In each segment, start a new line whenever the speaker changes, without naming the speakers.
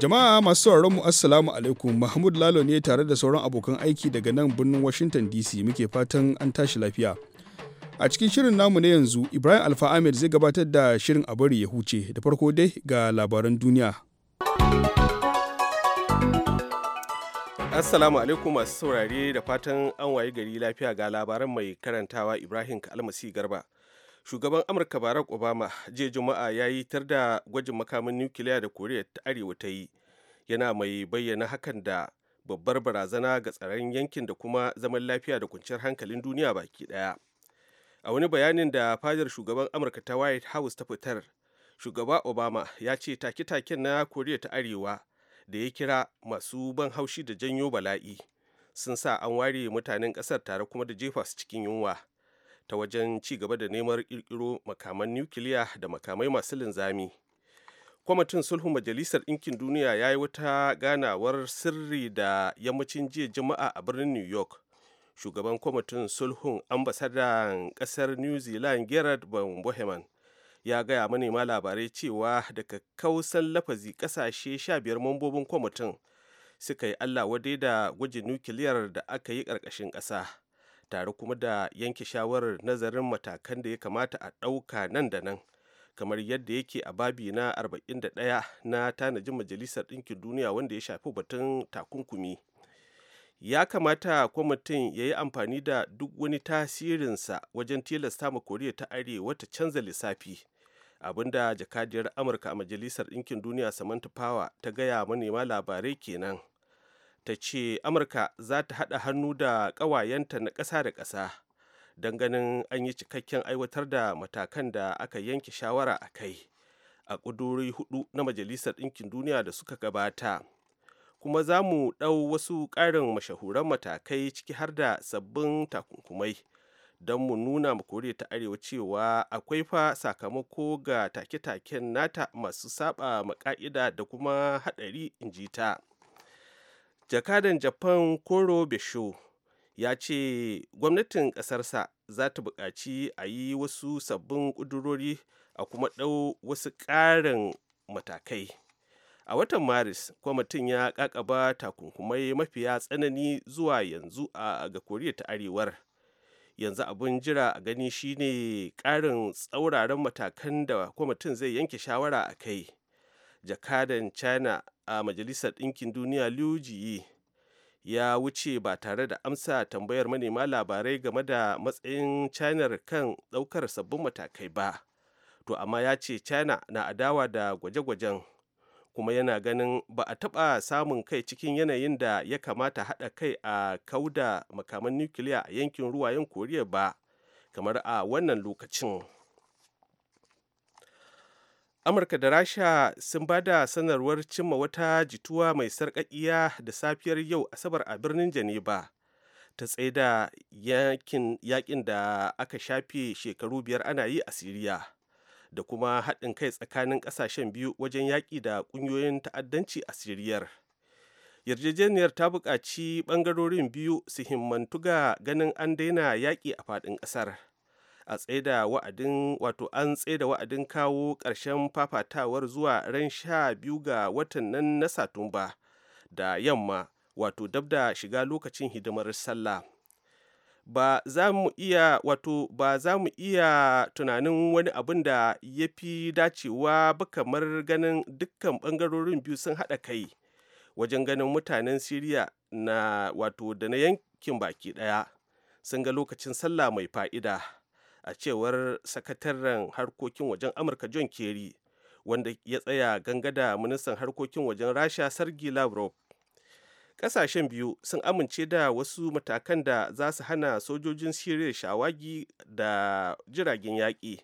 Jama'a masu sauraron mu Assalamu alaikum Mahmud Lalo ne tare da sauran abokan aiki daga nan birnin Washington DC muke fatan an tashi lafiya. A cikin shirin namu na yanzu Ibrahim Alfa Ahmed zai gabatar da shirin a bari ya huce da farko dai ga labaran duniya.
Assalamu alaikum masu saurare da fatan an wayi gari lafiya ga labaran mai karantawa Ibrahim Kalmasi Garba. shugaban amurka barack obama jiya juma'a ya yi tar da gwajin makamin nukiliya da koriya ta arewa ta yi yana mai bayyana hakan da babbar barazana ga tsaron yankin da kuma zaman lafiya da kwanciyar hankalin duniya baki daya a wani bayanin da fadar shugaban amurka ta white house ta fitar shugaba obama ya ce take-taken na koriya ta arewa da ya kira masu ban haushi da janyo bala'i sun sa an ware mutanen ƙasar tare kuma da jefa su cikin yunwa ta wajen ci gaba da neman ƙirƙiro makaman nukiliya da makamai masu linzami kwamitin sulhu majalisar ɗinkin duniya ya yi wata ganawar sirri da yammacin jiya juma'a a birnin new york shugaban kwamitin sulhun ambasadan ƙasar new zealand gerard van boheman ya gaya manema labarai cewa daga kausan lafazi ƙasashe sha biyar mambobin kwamitin suka yi allah wadai da gwajin nukiliyar da aka yi ƙarƙashin ƙasa tare kuma da yanke shawarar nazarin matakan da ya kamata a ɗauka nan da nan kamar yadda yake a babi na 41 na tanajin majalisar ɗinkin duniya wanda ya shafi batun takunkumi ya kamata kwamitin ya yi amfani da duk wani tasirinsa wajen tilasta ma koriya ta arewa ta canza lissafi abinda jakadiyar amurka a majalisar ɗinkin duniya samantha power ta gaya manema labarai kenan ta ce amurka za ta haɗa hannu da ƙawayenta na ƙasa da ƙasa don ganin an yi cikakken aiwatar da matakan da aka yanke shawara a kai a ƙuduri hudu na majalisar ɗinkin duniya da suka gabata kuma za mu ɗau wasu ƙarin mashahuran matakai ciki har da sabbin takunkumai don mu nuna ma kore ta arewa cewa akwai fa sakamako ga take-taken nata masu saba maƙa'ida da kuma haɗari in ji ta jakadan japan koro bisho ya ce gwamnatin ƙasarsa za ta buƙaci a yi wasu sabbin ƙudurori a kuma ɗau wasu ƙarin matakai a watan maris kwamitin ya ƙaƙaba takunkumai mafiya tsanani zuwa yanzu a ga koriya ta arewar yanzu abin jira a gani shine ƙarin tsauraran matakan da kwamitin zai yanke shawara a kai jakadan china a majalisar ɗinkin duniya liu jiyi ya wuce ba tare da amsa tambayar manema labarai game da matsayin china kan ɗaukar sabbin matakai ba to amma ya ce china na adawa da gwaje-gwajen kuma yana ganin ba a taɓa samun kai cikin yanayin da ya kamata haɗa kai a kauda makaman nukiliya a yankin ruwayen koriya ba kamar a wannan lokacin. amurka da rasha sun ba da sanarwar cimma wata jituwa mai sarƙaƙiya da safiyar yau asabar a birnin geneva ta tsaida yakin da aka shafe shekaru biyar ana yi a siriya da kuma haɗin kai tsakanin ƙasashen biyu wajen yaƙi da ƙungiyoyin ta'addanci a siriyar yarjejeniyar ta buƙaci ɓangarorin biyu su himmantu ga ganin an daina yaƙi a faɗin ƙasar a tsaida wa'adin wato an tsaida wa'adin kawo ƙarshen fafatawar zuwa ran sha biyu ga watan nan na satumba da yamma wato dab da shiga lokacin hidimar sallah ba za mu iya wato ba za mu iya tunanin wani abin da ya fi dacewa ba kamar ganin dukkan bangarorin biyu sun haɗa kai wajen ganin mutanen siriya na wato da na yankin baki ɗaya sun ga lokacin sallah mai fa'ida a cewar sakataren harkokin wajen amurka john kerry wanda ya tsaya gangada ministan harkokin wajen rasha sergi lavrov kasashen biyu sun amince da wasu matakan da za su hana sojojin siriya shawagi da jiragen yaƙi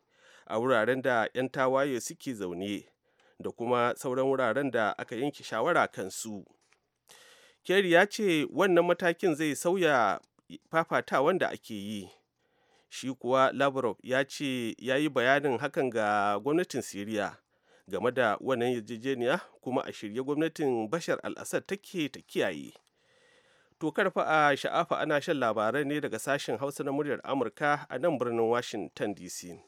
a wuraren da 'yan tawaye suke zaune da kuma sauran wuraren da aka yanke shawara kansu kerry ya ce wannan matakin zai sauya fafatawan da ake yi shi kuwa lavrov ya ce ya yi bayanin hakan ga gwamnatin siriya game da wannan yarjejeniya kuma a shirye gwamnatin bashar al-assad take ta kiyaye to karfa a sha'afa ana shan labarai ne daga sashen hausa na muryar amurka a nan birnin washington dc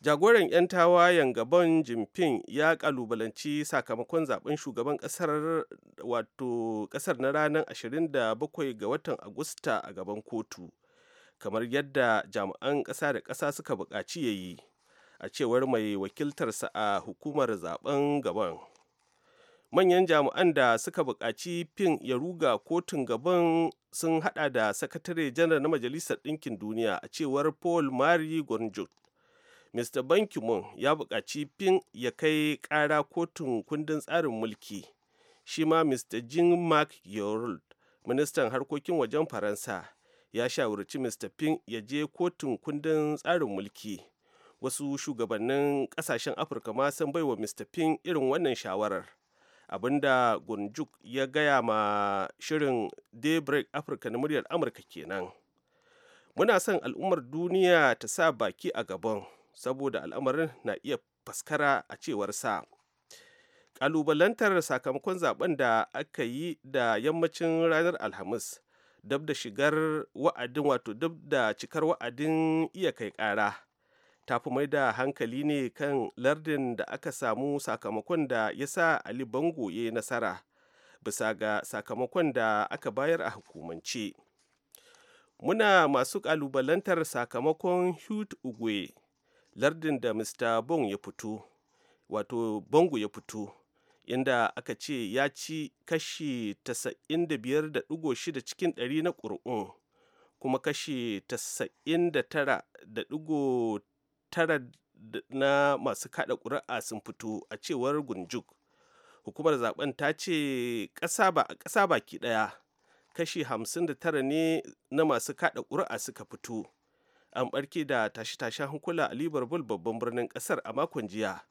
jagoran 'yan tawayen gaban jinping ya kalubalanci sakamakon zaben shugaban kasar wato kasar na ranar 27 ga watan agusta a gaban kotu kamar yadda jami'an ƙasa da ƙasa suka buƙaci ya yi a cewar mai wakiltarsa a hukumar zaben gaban manyan jami'an da suka buƙaci fin ya ruga kotun gaban sun hada da sakatare janar na majalisar ɗinkin duniya a cewar paul mari gonjot mr ban ya buƙaci fin ya kai ƙara kotun kundin tsarin mulki shi ma mr jean marc yorul ministan harkokin wajen faransa ya shawarci mr Pin ya je kotun kundin tsarin mulki wasu shugabannin kasashen afirka ma sun baiwa mr Pin irin wannan shawarar abinda gunjuk ya gaya ma shirin daybreak africa na muryar amurka kenan muna son al'ummar duniya ta sa baki a gaban saboda al'amarin na iya faskara a cewar sa Ƙalubalantar sakamakon zaben da aka yi da yammacin ranar alhamis dab da shigar wa'adin wato dab da cikar wa'adin iya kai ƙara tafi mai da hankali ne kan lardin da aka samu sakamakon da ya sa ali bango ya yi nasara bisa ga sakamakon da aka bayar a hukumance muna masu kalubalantar sakamakon hute ugwe lardin da mr bong ya fito wato bango ya fito inda aka ce ya ci kashi 95.6 cikin 100 na ƙuri'un kuma kashi 99.9 na masu kada ƙuri'a sun fito a cewar gunjuk hukumar zaben ta ce ƙasa ba a ƙasa baki ɗaya kashi 59 ne na masu kada ƙuri'a suka fito an barke da tashe-tashen hankula a liverpool babban birnin ƙasar a makon jiya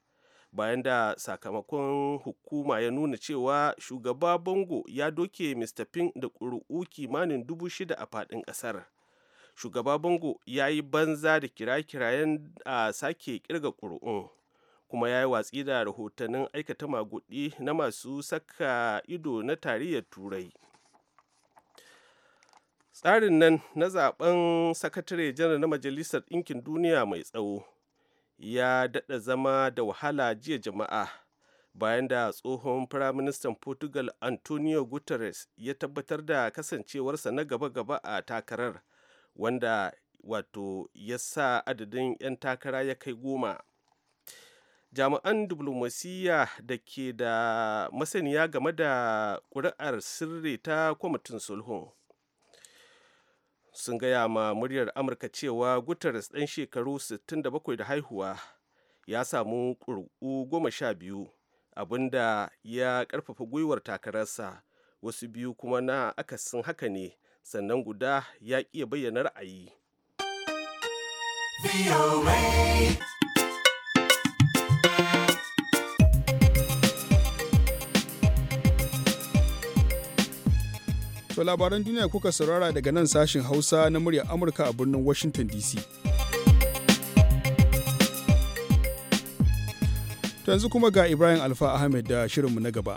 bayan da sakamakon hukuma ya nuna cewa shugaba bongo ya doke mr ping da ƙuri'u kimanin dubu shida a faɗin ƙasar shugaba bongo ya yi banza da kira-kirayen a sake kirga ƙuri'un kuma ya yi watsi da rahotannin aikata magudi na masu saka ido na tarayyar turai tsarin nan na zaben sakatare janar na majalisar ɗinkin duniya mai tsawo ya daɗa zama da wahala jiya jama'a bayan da tsohon firaministan portugal antonio guterres ya tabbatar da kasancewarsa na gaba-gaba a takarar wanda wato ya sa adadin 'yan takara ya kai goma jami'an diplomasiyya da ke da masaniya game da ƙuri'ar sirri ta kwamitin sulhun sun gaya ma muryar amurka cewa guterres ɗan shekaru 67 da haihuwa ya samu ƙuri'u goma sha biyu abinda ya ƙarfafa gwiwar takararsa wasu biyu kuma na akasin haka ne sannan guda ya iya bayyana ra'ayi.
To labaran duniya kuka saurara daga nan sashin Hausa na muryar Amurka a birnin Washington DC. To yanzu kuma ga Ibrahim Alfa Ahmed da shirinmu na gaba.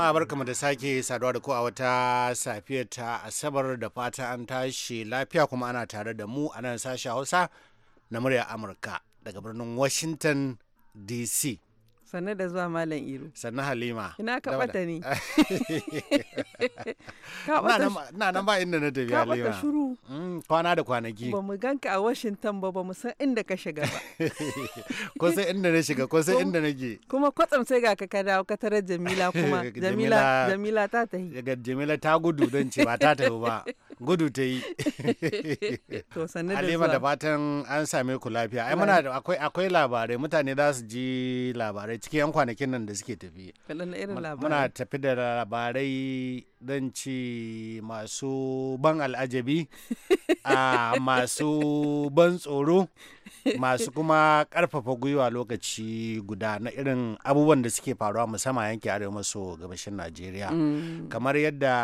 jama'a barkamu da sake saduwa da ku a wata safiyar ta asabar da fata an tashi lafiya kuma ana tare da mu a nan sashen hausa na murya amurka daga birnin washington dc Sannu da zuwa Malam Iro. Sannu Halima. Ina ka bata ne.
Na nan ba inda na tafi
Halima. Ka bata shuru. Mm, kwana da kwanaki. Ba mu
ganka a Washington ba ba mu san inda ka shiga ba.
Ko sai inda na shiga ko sai inda na ke.
Kuma kwatsam sai ga ka dawo ka tarar Jamila kuma. Jamila Jamila ta tafi.
Daga Jamila ta gudu don ce ba ta tafi ba. Gudu ta yi.
To sannu da zuwa. Halima da
fatan an same ku lafiya. Ai muna akwai labarai mutane za su ji labarai cikin yan kwanakin nan da suke tafi
muna
tafi da labarai don ci masu ban al'ajabi a masu ban tsoro masu kuma karfafa gwiwa lokaci guda na irin abubuwan da suke faruwa musamman yanki arewa maso gabashin najeriya mm. kamar yadda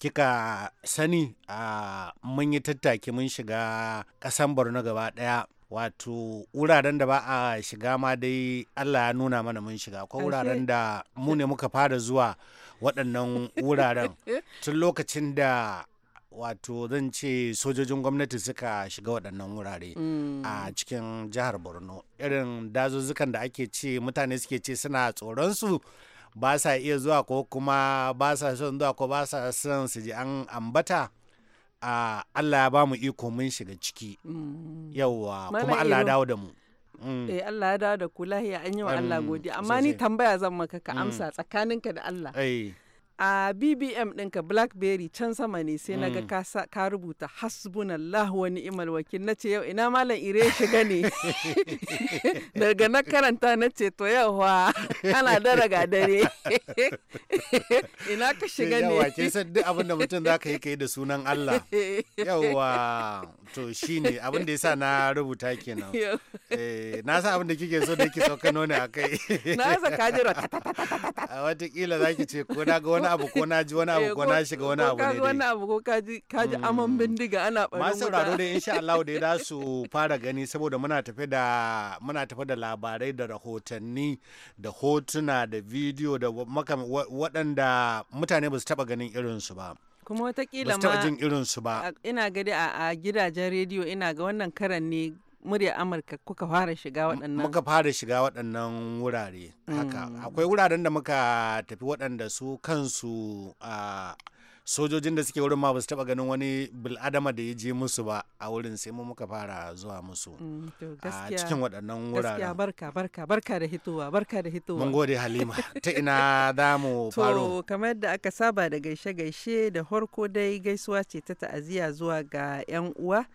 kika sani a mun yi tattaki mun shiga kasan borno gaba daya wato wuraren da ba a shiga ma dai allah ya nuna mana mun shiga ko wuraren da mu ne muka fara zuwa waɗannan wuraren tun lokacin da wato zan ce sojojin gwamnati suka shiga waɗannan wurare a mm. cikin jihar borno irin dazuzzukan da ake ce mutane suke ce suna tsoronsu ba sa iya zuwa ko kuma ba sa son zuwa ko ba sa son su ji an ambata uh, Allah ya ba mu iko mun shiga ciki
mm.
yawwa kuma Allah ya dawo da mu
mm. eh
Allah ya dawo da ku lahiya an yi wa Allah mm. godiya amma ni tambaya zan maka ka amsa tsakaninka da Allah eh a bbm ɗinka blackberry can sama ne sai naga mm. ka rubuta hasbunallah wani imal wakil na ce yau ina malam ire shiga ne daga na karanta na ce to yau wa ana daraga dare ina ka shiga ne yawa kin san
duk abin da mutum za ka yi kai da sunan Allah
yawa
to shine abin da yasa na rubuta kenan eh, na san abin da kike so da kike sauka kano a akai na sa kajira watakila zaki ce ko na ga wani wani abu ko na ji wani abu eh, ko na shiga wani abu ne dai wani
abu ko ka ji aman hmm. bindiga ana barin masu sauraro dai insha Allah dai
za su fara gani saboda muna tafe da muna tafi da labarai da rahotanni da hotuna da bidiyo da maka waɗanda mutane ba su taɓa ganin irinsu ba
kuma watakila ma jin
irin su ba
ina gadi a gidajen rediyo ina ga wannan karan ne murya amurka kuka fara shiga waɗannan muka
fara shiga waɗannan wurare haka mm. akwai wuraren da muka tafi waɗanda su kansu a sojojin da suke wurin ma ba su taba ganin wani bil'adama da ya je musu ba a wurin sai mu muka fara zuwa musu mm,
a cikin
waɗannan wuraren gaskiya
barka barka barka da hitowa barka da hitowa mun gode halima
ta ina za mu faro to
kamar da aka saba da gaishe gaishe da horko dai gaisuwa ce ta ta'aziyya zuwa ga yan uwa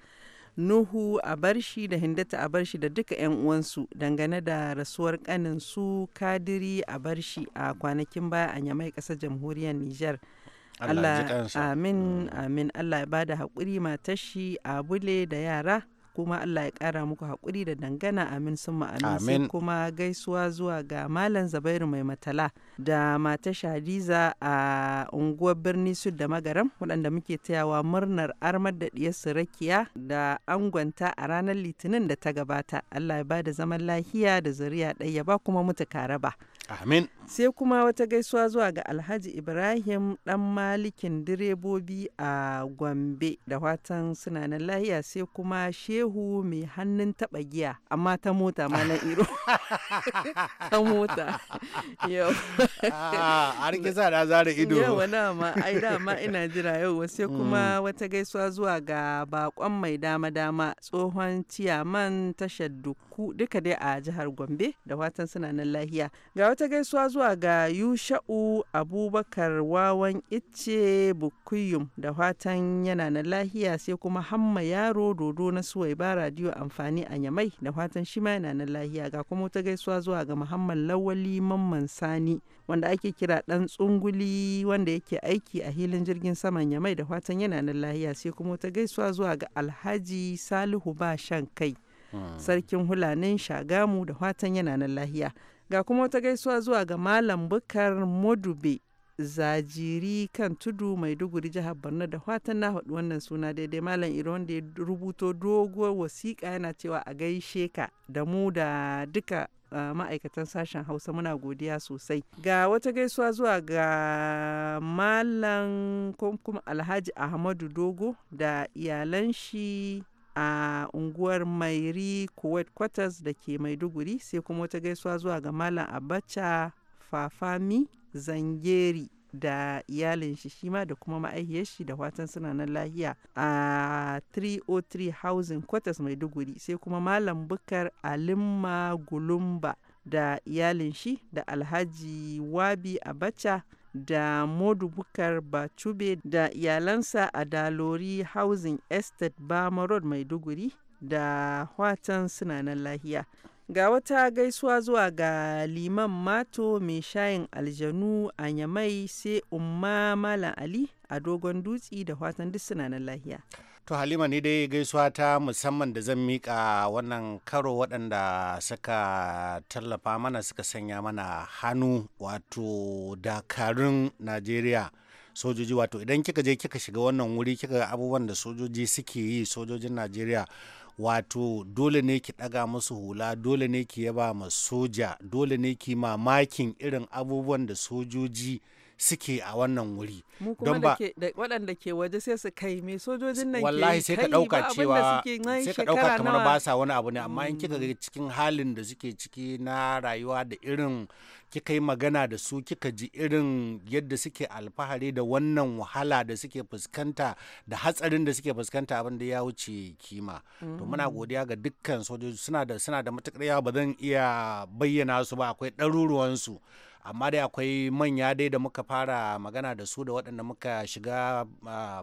Nuhu a barshi da Hindata a barshi da duka 'yan uwansu dangane da rasuwar kanin su Kadiri a barshi a kwanakin baya a Nyamai ƙasar jamhuriyar Nijar.
Allah
amin mm. amin Allah ya bada haƙuri matashi a bule da yara kuma Allah ya kara muku haƙuri da dangana amin sun sai kuma gaisuwa zuwa ga Malam Zabairu mai matala da mata Shadiza a unguwar birni Sud da Magaram waɗanda muke tayawa murnar armar da ɗiyar Surakiya da angonta a ranar Litinin da ta gabata. Allah ya bada zaman lahiya da zuriya ɗaya ba kuma mutu karaba. Amin. Sai kuma wata gaisuwa zuwa ga Alhaji Ibrahim ɗan malikin direbobi a Gombe da watan suna lahiya sai kuma she shehu mai hannun taɓa giya amma ta mota ma na iro ta mota a sa da zara ido yau dama ai dama ina jira yau sai mm. kuma wata gaisuwa zuwa ga bakon mai dama dama tsohon ciyaman tashar duk uku duka dai a jihar Gombe da watan suna nan lahiya. Ga wata gaisuwa zuwa ga Yusha'u Abubakar Wawan Icce Bukuyum da watan yana nan lahiya sai kuma Hamma Yaro Dodo na suwai ba Radio Amfani a Nyamai da watan shi ma yana nan lahiya ga kuma wata gaisuwa zuwa ga Muhammad Lawali Mamman Sani wanda ake kira dan tsunguli wanda yake aiki a hilin jirgin saman Nyamai da watan yana nan lahiya sai kuma wata gaisuwa zuwa ga Alhaji Salihu ba shan kai sarkin hulanin shagamu da watan yana nan lahiya ga kuma wata gaisuwa zuwa ga malam bukar modube zajiri kan tudu mai duguri jihar borno da fatan na haɗu wannan suna daidai malam iri wanda ya rubuto doguwar wasiƙa yana cewa a gaishe ka da mu da duka Uh, ma'aikatan sashen hausa muna godiya sosai ga wata gaisuwa zuwa ga malam kuma alhaji ahmadu dogo da iyalan shi a unguwar mairi kuwait quarters da ke maiduguri sai kuma wata gaisuwa zuwa ga malam abacha fafami zangeri da iyalin shi shima da kuma ma'aihiyar shi da watan suna nan lahiya a 303 housing quarters maiduguri sai kuma malam bukar alimma gulumba da iyalin shi da alhaji wabi abacha da modubukar Bachube da iyalansa a Dalori Housing Estate Bama Road Maiduguri da watan suna lahiya. Ga wata gaisuwa zuwa ga Liman Mato mai shayin aljanu a Yamai sai Umma Malam Ali a Dogon Dutse da watan duk sunanan lahiya.
To Halima ni dai gaisuwa ta musamman da zan mika wannan karo waɗanda suka tallafa mana suka sanya mana hannu wato dakarun Najeriya. sojoji wato idan kika je kika shiga wannan wuri kika ga abubuwan da sojoji suke yi sojojin najeriya wato dole ne ki ɗaga musu hula dole ne ki yaba ma soja dole ne ki mamakin irin abubuwan da sojoji suke a wannan wuri don ba
waɗanda ke waje sai su kai me sojojin nan ke wallahi sai ka ɗauka cewa sai ka ɗauka kamar ba
sa wani abu ne amma in kika mm. ga cikin halin da suke ciki na rayuwa da irin kika yi magana da su kika ji irin yadda suke alfahari da wannan wahala da suke fuskanta da hatsarin da suke fuskanta abin da ya wuce kima to muna mm. godiya ga dukkan sojoji suna da suna da matukar yawa ba zan iya bayyana su ba akwai ɗaruruwansu su amma dai akwai manya dai da muka fara magana da su da waɗanda muka shiga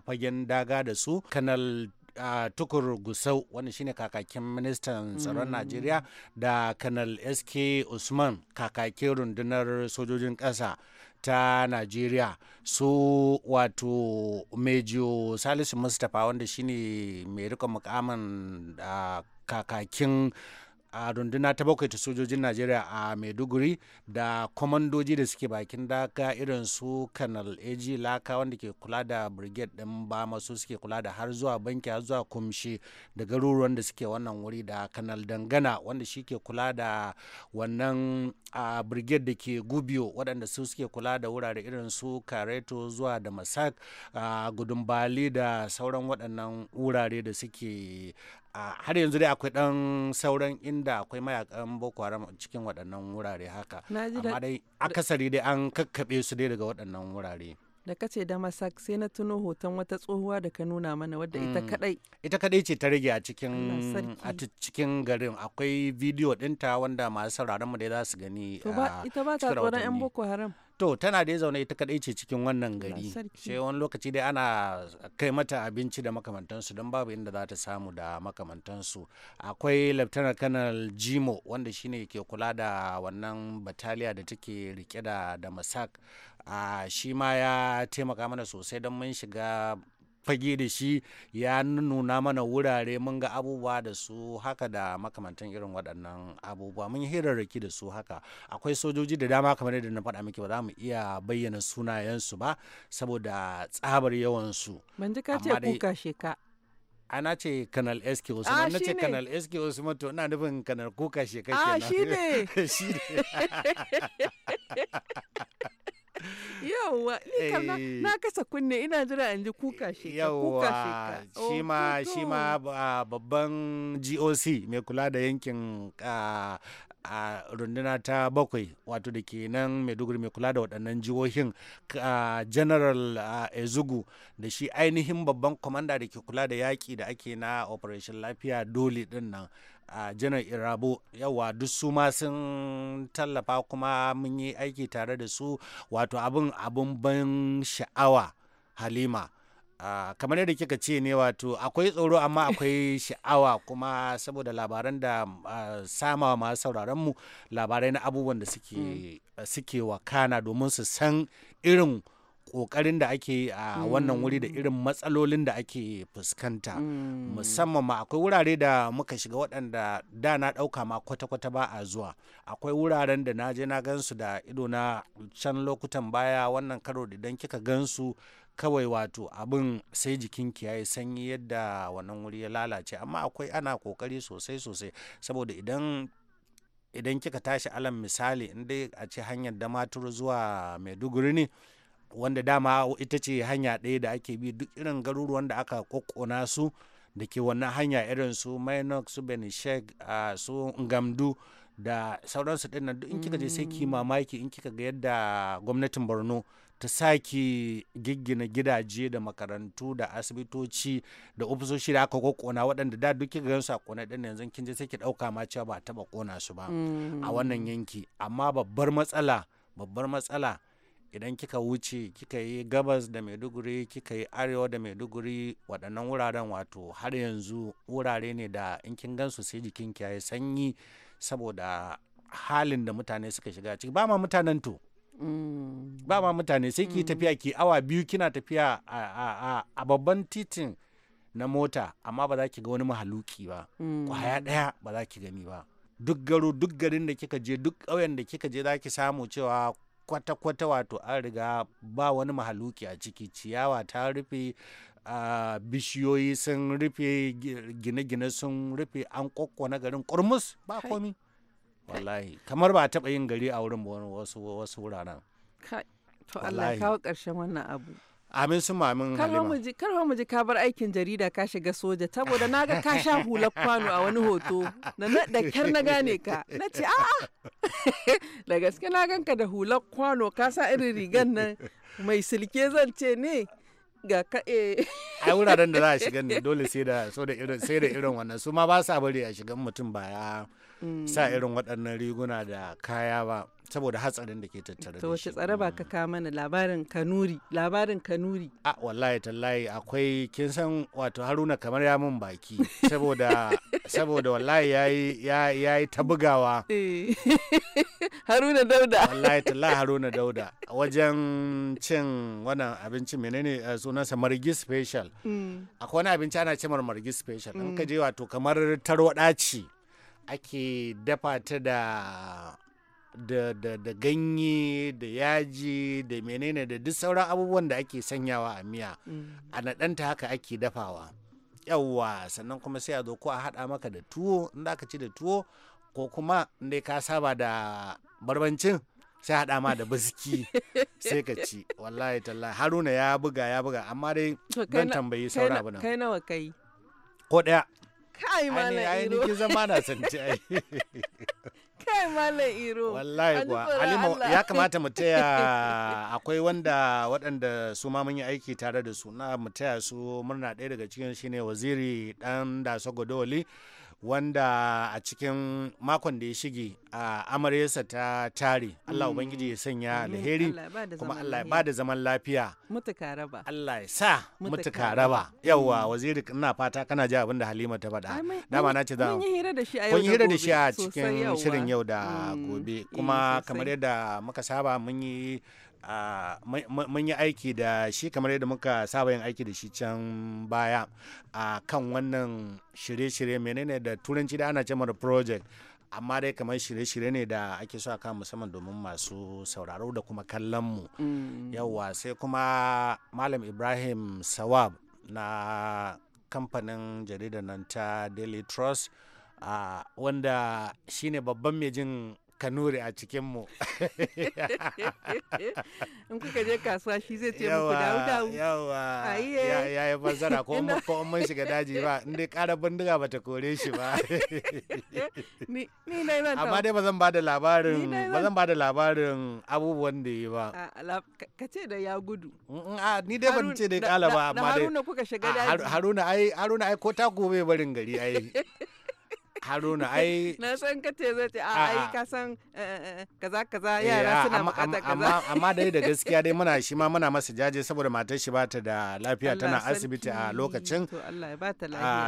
fagen daga da su kanal Uh, tukur gusau wani shine kakakin ministan tsaron mm. najeriya da kanal sk usman kakakin rundunar sojojin ƙasa ta Najeriya su wato Mejo Salisu Mustapha wanda shine mai rikon mukamin kakakin a runduna ta bakwai ta sojojin najeriya a maiduguri da kwamandoji da suke bakin daka irin su kanal ag laka wanda ke kula da brigade din ba masu suke kula da har zuwa banki har zuwa kumshi da garuruwan da suke wannan wuri da kanal dangana wanda shi ke kula da wannan a brigade da ke gubiyo waɗanda su suke kula da wurare irin su kareto zuwa da masak a gudunbali da sauran waɗannan wurare da suke har yanzu dai akwai ɗan sauran inda akwai mayakan boko haram cikin waɗannan wurare haka amma dai akasari dai an kakkaɓe su dai daga waɗannan wurare
da ka ce damasak sai na tuno hoton wata tsohuwa da ka nuna mana wadda ita mm. kadai
ita kadai ce ta rage a cikin a cikin garin akwai bidiyo dinta wanda masu sauraron mu dai za su gani ita
ba ta tsoron yan boko haram
to tana dai zaune ita kaɗai ce cikin wannan gari she wani lokaci dai ana kai mata abinci da makamantansu don babu inda za ta samu da makamantansu akwai lieutenant kanal jimo wanda shine ke kula da wannan bataliya da take rike da masak ah, shi ma ya taimaka mana sosai don mun shiga fage da shi ya nuna mana wurare mun ga abubuwa da su haka da makamantan irin waɗannan abubuwa mun yi hirarraki da su haka akwai sojoji da dama kamar yadda na faɗa miki ba za mu iya bayyana sunayensu ba saboda tsabar yawansu.
Ban ji ka ce kuka sheka.
ana ce kanal sk wasu na ce kanal sk wasu to ina nufin kanal kuka sheka shi ne.
yawwa ni kam eh. na kasa kunne ina jira in ji kuka sheka kuka shi ma
shi ma babban GOC mai kula da yankin a ah, ah, runduna ta bakwai wato da ke nan maiduguri mai kula da waɗannan jihohin ah, general ezugu da shi ainihin babban kwamanda da ke kula da yaƙi da ake na operation lafiya dole ɗin nan a janar irabo yawa duk su ma sun tallafa kuma mun yi aiki tare da su wato abin abin ban sha'awa halima kamar yadda kika ce ne wato akwai tsoro amma akwai sha'awa kuma saboda labaran da uh, samawa masu sauraron labarai na abubuwan da suke mm. uh, suke wakana domin su san irin kokarin da ake yi a wannan wuri da mm. irin matsalolin da ake fuskanta mm. musamman ma akwai wurare da muka shiga waɗanda da na ɗauka ma kwata-kwata ba a zuwa akwai wuraren da na je na gansu da ido na can lokutan baya wannan karo idan kika gansu kawai wato abin sai jikinki ya yi sanyi yadda wannan wuri ya lalace amma akwai ana kokari sosai sosai saboda idan idan kika tashi alam misali in dai a ce hanyar damaturu zuwa maiduguri ne wanda dama ita ce hanya ɗaya da ake bi duk irin garuruwan da aka kokona su da ke wannan hanya irin su Minox, su benishek su ngamdu da sauransu ɗin duk in kika je sai ki mm. mamaki in kika ga yadda gwamnatin borno ta saki giggina gidaje da makarantu da asibitoci da ofisoshi da aka kokona waɗanda da duk kika gansu a kone ɗin yanzu kin je sai ki ɗauka ma cewa ba a taɓa kona su ba a
mm. wannan
yanki amma babbar matsala babbar matsala idan kika wuce kika yi gabas da maiduguri kika yi arewa da maiduguri waɗannan wuraren wato har yanzu wurare ne da in kin gansu sai jikin ya sanyi saboda halin da mutane suka shiga ciki ba ma mutanen to
mm.
ba ma mutane sai ki mm. tafiya ki awa biyu kina tafiya a babban titin na mota amma ba za ki ga wani mahaluki ba mm. kwaya ɗaya ba za ki gani ba duk garo duk garin da kika je duk ƙauyen da kika je za ki samu cewa kwata-kwata wato an riga ba wani mahaluki a ciki ciyawa ta rufe bishiyoyi sun rufe gine-gine sun rufe an na garin kurmus ba komi wallahi kamar ba taba yin gari a wurin wasu wuraren
to kawo ƙarshen wannan abu Amin
su mamin Halima.
Karfa mu ji ka bar aikin jarida ka shiga soja saboda na ga ka sha hular kwano a wani hoto da kyar na gane ka. Na ce a'a da gaske na ganka da hular kwano ka sa irin rigan nan mai silke zan ce ne ga kae. Eh. Ai wuraren da za a shiga ne
dole sai da irin wannan su ma ba sa bari a shigan mutum baya. sa irin waɗannan riguna da kaya ba saboda hatsarin da ke tattare
da shi. tsare ba ka ka mana labarin kanuri labarin kanuri.
A wallahi tallahi akwai kin san wato Haruna kamar ya mun baki saboda saboda wallahi yayi yayi ta bugawa. Eh. Haruna Dauda. Wallahi tallahi Haruna Dauda wajen cin wannan abinci menene eh, sunansa margi special. Mm. Akwai wani abinci ana ce margi special in ka mm. je wato kamar tarwaɗa ce. ake dafa ta da da, da, da ganye da yaji da menene da duk sauran abubuwan da ake sanyawa a miya mm. a naɗanta haka ake dafawa yawwa sannan kuma sai a zo ko a haɗa maka da tuwo in da ka ci da tuwo ko kuma in dai ka saba da barbancin sai haɗa ma da biski sai ka ci wallahi tallahi haruna ya buga ya buga amma dai ban tambayi saura abu nan
kai nawa kai ko ɗaya kai malam iro ai zama na sanci ai kai malam iro wallahi kuwa Alimu ya kamata mu
taya akwai wanda waɗanda su ma mun yi aiki tare da su na mu taya su murna ɗaya daga cikin shine waziri dan da sagodoli wanda a cikin makon da ya shige a amaryarsa ta tare Allah mm. ubangiji ya sanya alheri kuma Allah ya ba da zaman lafiya
mutuka raba Allah
ya sa mutuka raba yawa mm. waziri ina fata kana ji abin da Halima ta faɗa dama na ce za mun yi
hira da shi a hira da shi a cikin shirin
yau da mm. gobe eh, kuma kamar yadda muka saba mun yi mun yi aiki da shi kamar yadda muka saba yin aiki da shi can baya a kan wannan shirye-shirye menene da turanci da ana cewa project amma dai kamar shirye-shirye ne da ake so a kan musamman domin masu sauraro da kuma kallon mu
mm. yawwa
sai kuma malam ibrahim sawab na kamfanin jaridar nan ta daily trust wanda shine babban mai jin kanuri a cikin mu
In kuka je kasuwa shi zai ce muku dawo dawo. Yawa eh. ya yi bazara ko ko mun
shiga daji ba in dai kara bindiga ba ta kore shi ba.
Ni na manta. Amma dai ba
zan bada labarin ba zan bada labarin abubuwan da yi ba.
Ka ce da ya gudu.
Ni dai ban ce dai kala ba amma dai. Haruna
kuka shiga daji. Haruna
ai Haruna ai ko ta gobe barin gari ai. haruna ai
na san ka ce zai ce a ai ka san eh, eh, eh, kaza kaza yara suna bukatar kaza amma dai da gaskiya dai
muna shi ma muna masa jaje saboda matar shi bata da lafiya tana asibiti a lokacin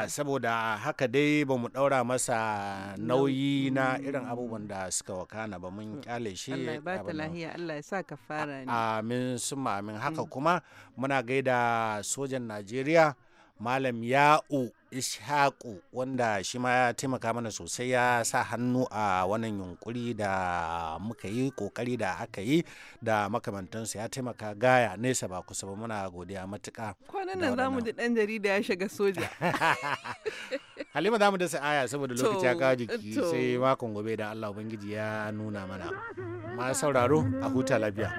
saboda haka dai ba mu daura masa nauyi na irin abubuwan da suka wakana ba mun kyale shi Allah ya bata
lafiya Allah ya sa ka fara ne
amin summa amin haka mm. kuma muna gaida sojan Najeriya malam ya'u ishaku wanda shi ma ya taimaka mana sosai ya sa hannu a wannan yunkuri da muka yi kokari da aka yi da makamantansu ya taimaka gaya nesa ba kusa ba muna godiya matuka
kwanan nan zamu ji dan jarida ya shiga soja
halima zamu da aya saboda lokaci ya kawo jiki sai makon gobe da allah ubangiji ya nuna mana ma sauraro a huta lafiya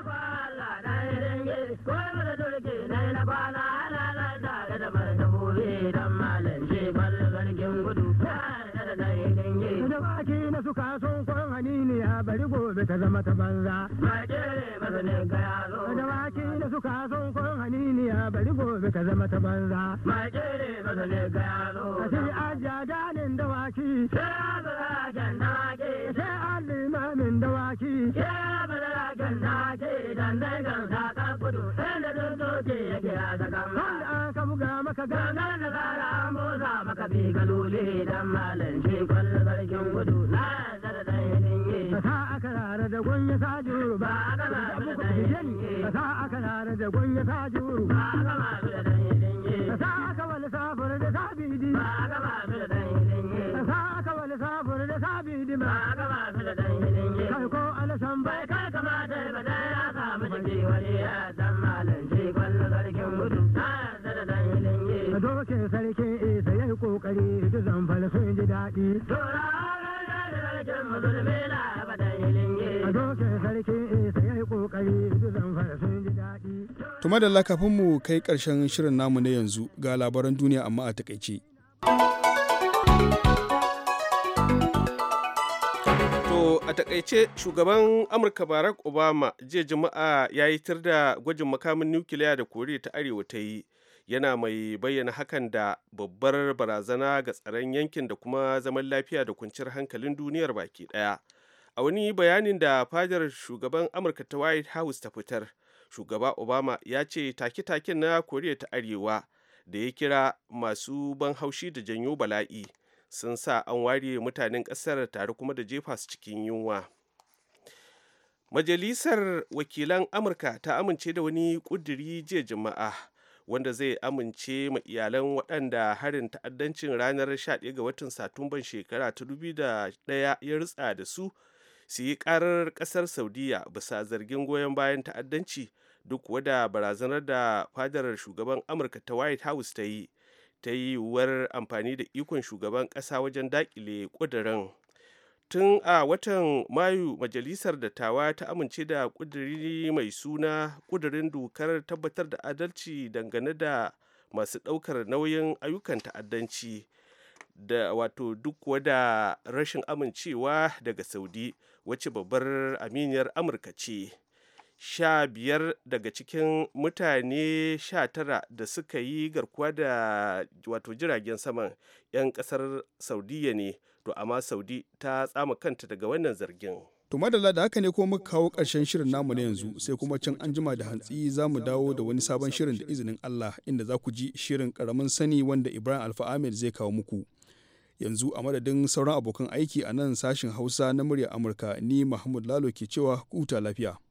bari gobe ta zama ta banza dawaki da suka sun kun haniniya bari gobe ta zama ta banza a ci ajiya danin dawaki sai an limamin dawaki Wanda aka buga maka gana na bara an boza maka bi galule dan malam shi kwallo. ya sa juru ba ga ba da ka sa aka nare da gun ya sa juru ba ga ba da danye ka sa aka wal safur da sabidi ba ga ba da danye ka sa aka wal safur da sabidi ba ga ba da danye kai ko alasan bai kai kamata ba da ya samu jiki wani ya dan malam shi kwallo sarkin gudu da doke sarkin isa eh, ya kokari duk zan sun ji daɗi. Tura ranar da sarkin musulmi na
Tuma eh, da mu kai ƙarshen shirin namu na yanzu ga labaran duniya amma a takaice.
To a takaice shugaban Amurka Barack Obama jiya Juma'a ya yi tir da gwajin makamin nukiliya da Koriya ta Arewa ta yi. yana mai bayyana hakan da babbar barazana ga tsaron yankin da kuma zaman lafiya da kwanciyar hankalin duniyar baki daya. a wani bayanin da fadar shugaban amurka ta white house ta fitar shugaba obama ya ce take take na koriya ta arewa da ya kira masu ban haushi da janyo bala'i sun sa an ware mutanen ƙasar tare kuma da jefa su cikin yunwa majalisar wakilan amurka ta amince da wani ƙudiri jiya jama'a wanda zai amince ma iyalan waɗanda harin ta'addancin ranar 11 ga watan satumban shekara ta 2001 ya rutsa da su su yi karar kasar saudiya bisa zargin goyon bayan ta'addanci duk wada barazanar da fadar shugaban amurka ta white house ta yi ta yi yiwuwar amfani da ikon shugaban ƙasa wajen daƙile kudirin tun a watan mayu majalisar dattawa ta amince da ƙudiri mai suna ƙudirin dokar tabbatar da adalci dangane da masu ɗaukar nauyin ayyukan ta'addanci da wato duk wada rashin amincewa daga saudi wacce babbar aminiyar amurka ce sha biyar daga cikin mutane sha tara da suka yi garkuwa da wato jiragen saman 'yan kasar saudiya ne to amma saudi ta tsama kanta daga wannan zargin
To madalla da haka ne kuma muka kawo ƙarshen shirin namu na yanzu sai kuma can an jima da hantsi za mu dawo da wani sabon shirin da izinin Allah inda za ku ji shirin ƙaramin sani wanda Ibrahim Alfa zai kawo muku. yanzu a madadin sauran abokan aiki a nan sashin hausa na murya amurka ni mahmud lalo ke cewa kuta lafiya